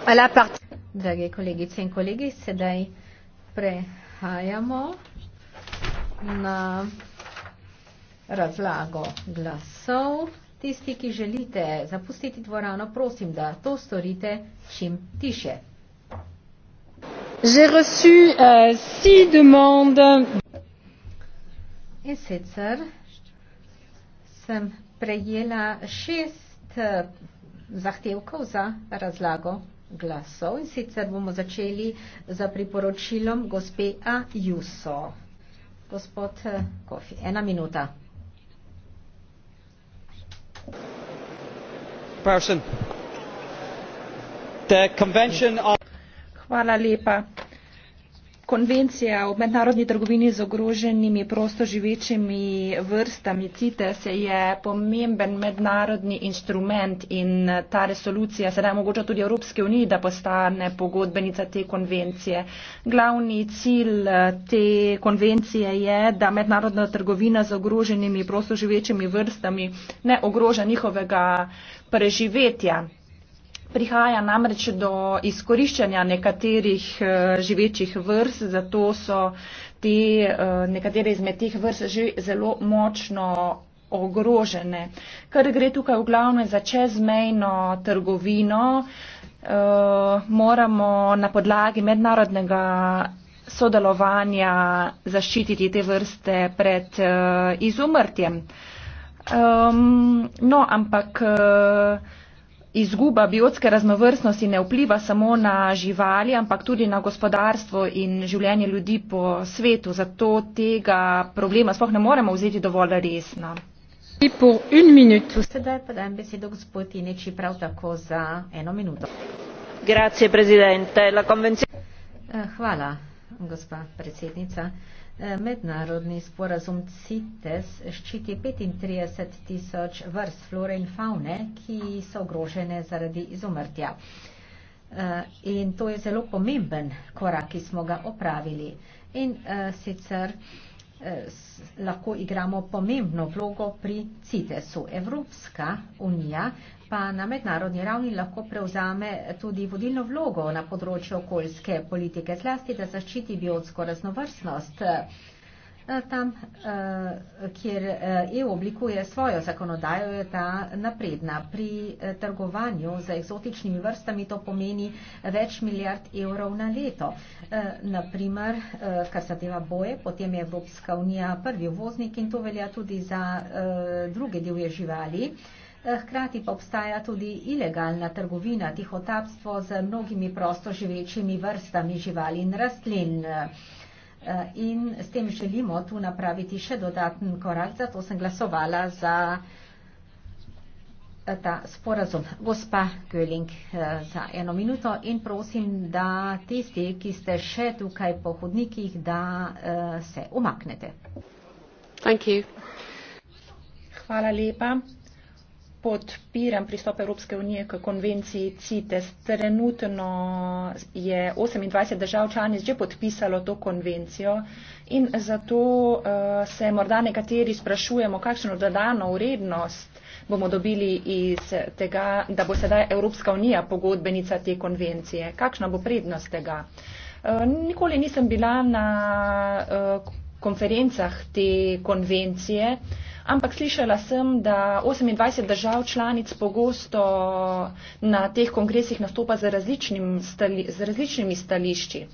Hvala, part... Drage kolegice in kolegi, sedaj prehajamo na razlago glasov. Tisti, ki želite zapustiti dvorano, prosim, da to storite čim tiše. J'ai reçu uh, six demandes. In sicer sem prejela šest uh, zahtevkov za razlago glasov in sicer bomo začeli za priporočilom gospe Ajuso. Gospod eh, Kofi, ena minuta. Hvala lepa. Konvencija o mednarodni trgovini z ogroženimi prostoživečimi vrstami CITES je pomemben mednarodni instrument in ta resolucija sedaj omogoča tudi Evropske unije, da postane pogodbenica te konvencije. Glavni cilj te konvencije je, da mednarodna trgovina z ogroženimi prostoživečimi vrstami ne ogroža njihovega preživetja. Prihaja namreč do izkoriščanja nekaterih eh, živečih vrst, zato so te eh, nekatere izmed teh vrst že zelo močno ogrožene. Ker gre tukaj v glavnem za čezmejno trgovino, eh, moramo na podlagi mednarodnega sodelovanja zaščititi te vrste pred izumrtjem. Ehm, no, ampak izguba biotske raznovrstnosti ne vpliva samo na živali, ampak tudi na gospodarstvo in življenje ljudi po svetu. Zato tega problema sploh ne moremo vzeti dovolj resno. Sedaj pa dajem besedo gospod Ineči prav tako za eno minuto. Grazie, La konvencij... Eh, hvala, gospa predsednica. Mednarodni sporazum CITES ščiti 35 tisoč vrst flore in faune, ki so ogrožene zaradi izumrtja. E, in to je zelo pomemben korak, ki smo ga opravili. In e, sicer eh, lahko igramo pomembno vlogo pri CITES-u. Evropska unija pa na mednarodni ravni lahko prevzame tudi vodilno vlogo na področju okoljske politike, zlasti da zaščiti biotsko raznovrstnost. Eh, Eh, tam, eh, kjer EU eh, e oblikuje svojo zakonodajo, je ta napredna. Pri trgovanju z eksotičnimi vrstami to pomeni več milijard evrov na leto. Naprimer, kar se deva boje, potem je Evropska unija prvi uvoznik in to velja tudi za druge divje živali. Hkrati pa obstaja tudi ilegalna trgovina, tihotapstvo z mnogimi prostoživečimi vrstami živali in rastlin. Eh, in s tem želimo tu napraviti še dodaten korak, zato sem glasovala za eh, ta sporazum. Gospa Göling eh, za eno minuto in prosim, da tisti, ki ste še tukaj po hodnikih, da se umaknete. Thank you. Hvala lepa podpiram pristop Evropske unije k konvenciji CITES. Trenutno je 28 držav članic že podpisalo to konvencijo in zato uh, se morda nekateri sprašujemo, kakšno dodano vrednost bomo dobili iz tega, da bo sedaj Evropska unija pogodbenica te konvencije. Kakšna bo prednost tega? Uh, nikoli nisem bila na uh, konferencah te konvencije. Uh, ampak slišala sem, da 28 držav članic pogosto na teh kongresih nastopa z, različnim stali, z različnimi stališči.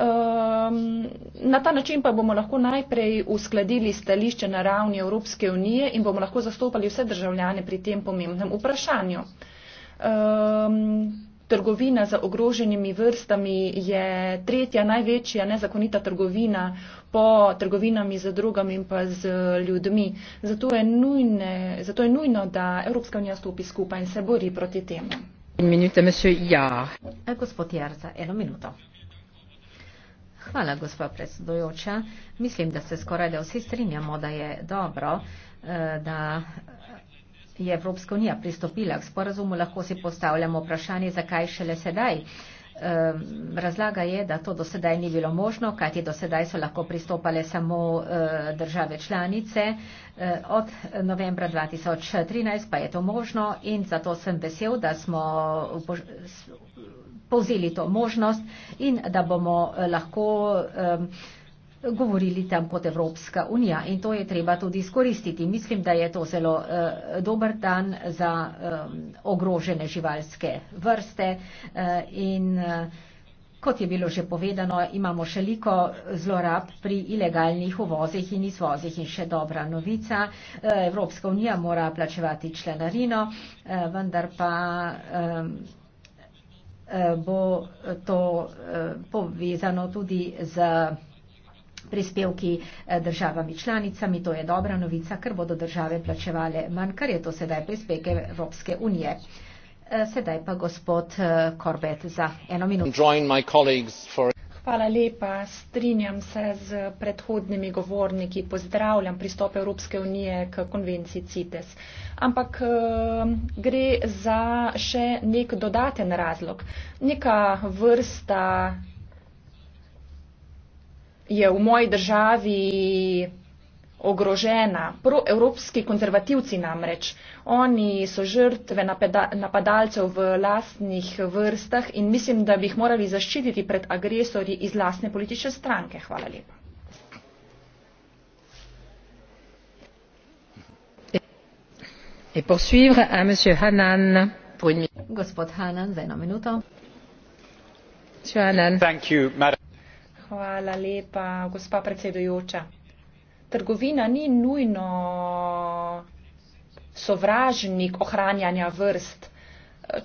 Um, na ta način pa bomo lahko najprej uskladili stališče na ravni Evropske unije in bomo lahko zastopali vse državljane pri tem pomembnem vprašanju. Um, trgovina z ogroženimi vrstami je tretja največja nezakonita trgovina po trgovinami z drugami in pa z ljudmi. Zato je, nujne, zato je nujno, da Evropska unija stopi skupaj in se bori proti temu. Minute, monsieur, ja. E, gospod Jarca, eno minuto. Hvala, gospod predsedujoča. Mislim, da se skoraj da vsi strinjamo, da je dobro, eh, da je Evropska unija pristopila k sporazumu, lahko si postavljamo vprašanje, zakaj šele sedaj. Ehm, razlaga je, da to do sedaj ni bilo možno, kajti do sedaj so lahko pristopale samo eh, države članice. Eh, od novembra 2013 pa je to možno in zato sem vesel, da smo povzeli to možnost in da bomo eh, lahko ehm, govorili tam kot Evropska unija in to je treba tudi izkoristiti. Mislim, da je to zelo uh, dober dan za um, ogrožene živalske vrste uh, in uh, kot je bilo že povedano, imamo še veliko zlorab pri ilegalnih uvozih in izvozih in še dobra novica. Uh, Evropska unija mora plačevati členarino, uh, vendar pa. Um, bo to povezano tudi z prispevki eh, državami članicami, to je dobra novica, ker bodo države plačevale manj, kar je to sedaj prispevke Evropske unije. Eh, sedaj pa gospod eh, Korbet za eno minuto. Hvala lepa, strinjam se z predhodnimi govorniki, pozdravljam pristop Evropske unije k konvenciji CITES. Ampak gre za še nek dodaten razlog, neka vrsta je v moji državi ogrožena. Proevropski konzervativci namreč, oni so žrtve napadalcev v lastnih vrstah in mislim, da bi jih morali zaščititi pred agresorji iz lastne politične stranke. Hvala lepa. E poursuivre à monsieur Hanan pour une minute. Gospod Hanan, za eno minuto. Monsieur Hanan. Thank you, madam. Hvala lepa, gospa predsedujoča. Trgovina ni nujno sovražnik ohranjanja vrst.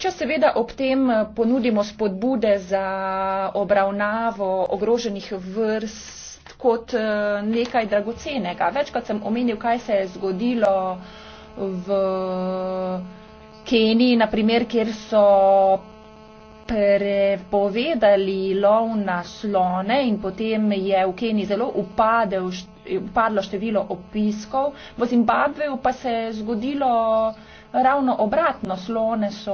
Če seveda ob tem ponudimo spodbude za obravnavo ogroženih vrst kot eh, nekaj dragocenega. Večkrat sem omenil, kaj se je zgodilo v Keniji, naprimer, kjer so prepovedali lov na slone in potem je v Keniji zelo upadel, upadlo število opiskov. V Zimbabveju pa se je zgodilo ravno obratno, slone so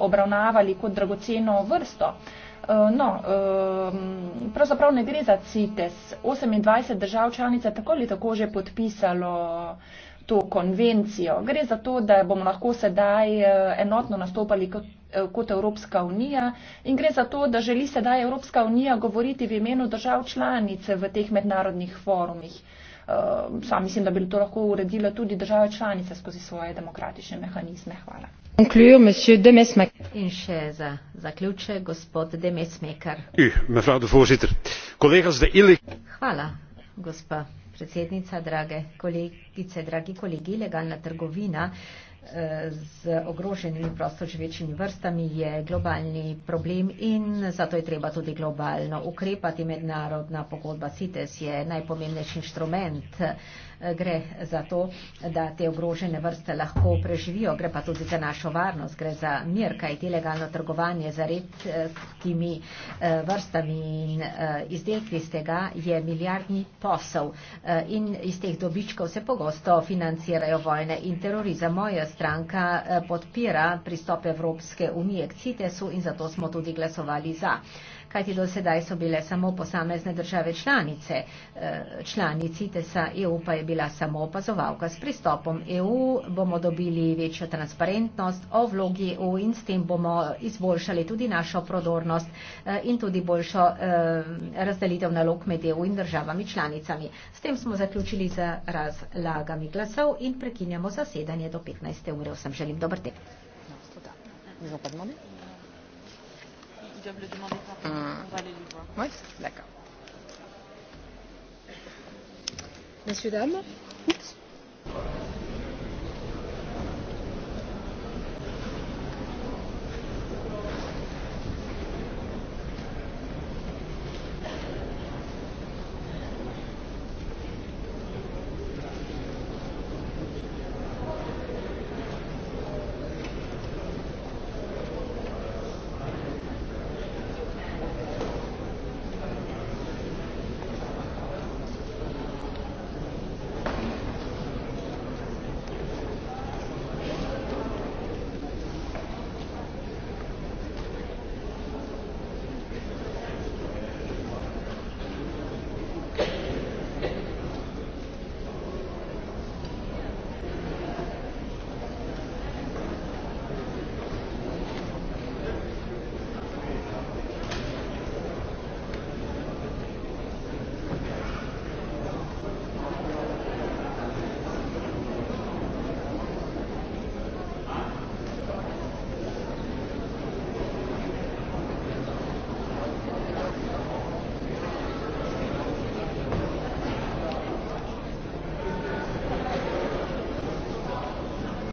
obravnavali kot dragoceno vrsto. Eh, no, ehm, pravzaprav ne gre za CITES. 28 držav članice tako ali tako že podpisalo to konvencijo. Gre za to, da bomo lahko sedaj eh, enotno nastopali kot Eh, kot Evropska unija in gre za to, da želi sedaj Evropska unija govoriti v imenu držav članice v teh mednarodnih forumih. Eh, sam mislim, da bi to lahko uredila tudi države članice skozi svoje demokratične mehanizme. Hvala. In še za zaključek, gospod Demesmekar. Hvala, gospa predsednica, drage kolegice, dragi kolegi, legalna trgovina z ogroženimi prostoživečimi vrstami je globalni problem in zato je treba tudi globalno ukrepati. Mednarodna pogodba CITES je najpomembnejši inštrument uh, Eh, gre za to, da te ogrožene vrste lahko preživijo, gre pa tudi za našo varnost, gre za mir, kaj ti legalno trgovanje za redkimi eh, vrstami in eh, izdelki iz tega je milijardni posel in iz teh dobičkov se pogosto financirajo vojne in terorizem. Moja stranka podpira pristop Evropske unije k CITES-u in zato smo tudi glasovali za kajti do sedaj so bile samo posamezne države članice, članici TESA EU pa je bila samo opazovalka. S pristopom EU bomo dobili večjo transparentnost o vlogi EU in s tem bomo izboljšali tudi našo prodornost eh, in tudi boljšo eh, razdelitev nalog med EU in državami članicami. S tem smo zaključili z razlagami glasov in prekinjamo zasedanje do 15. ure. Vsem želim dober tek. Mmh. Ouais, d'accord. messieurs dames oups!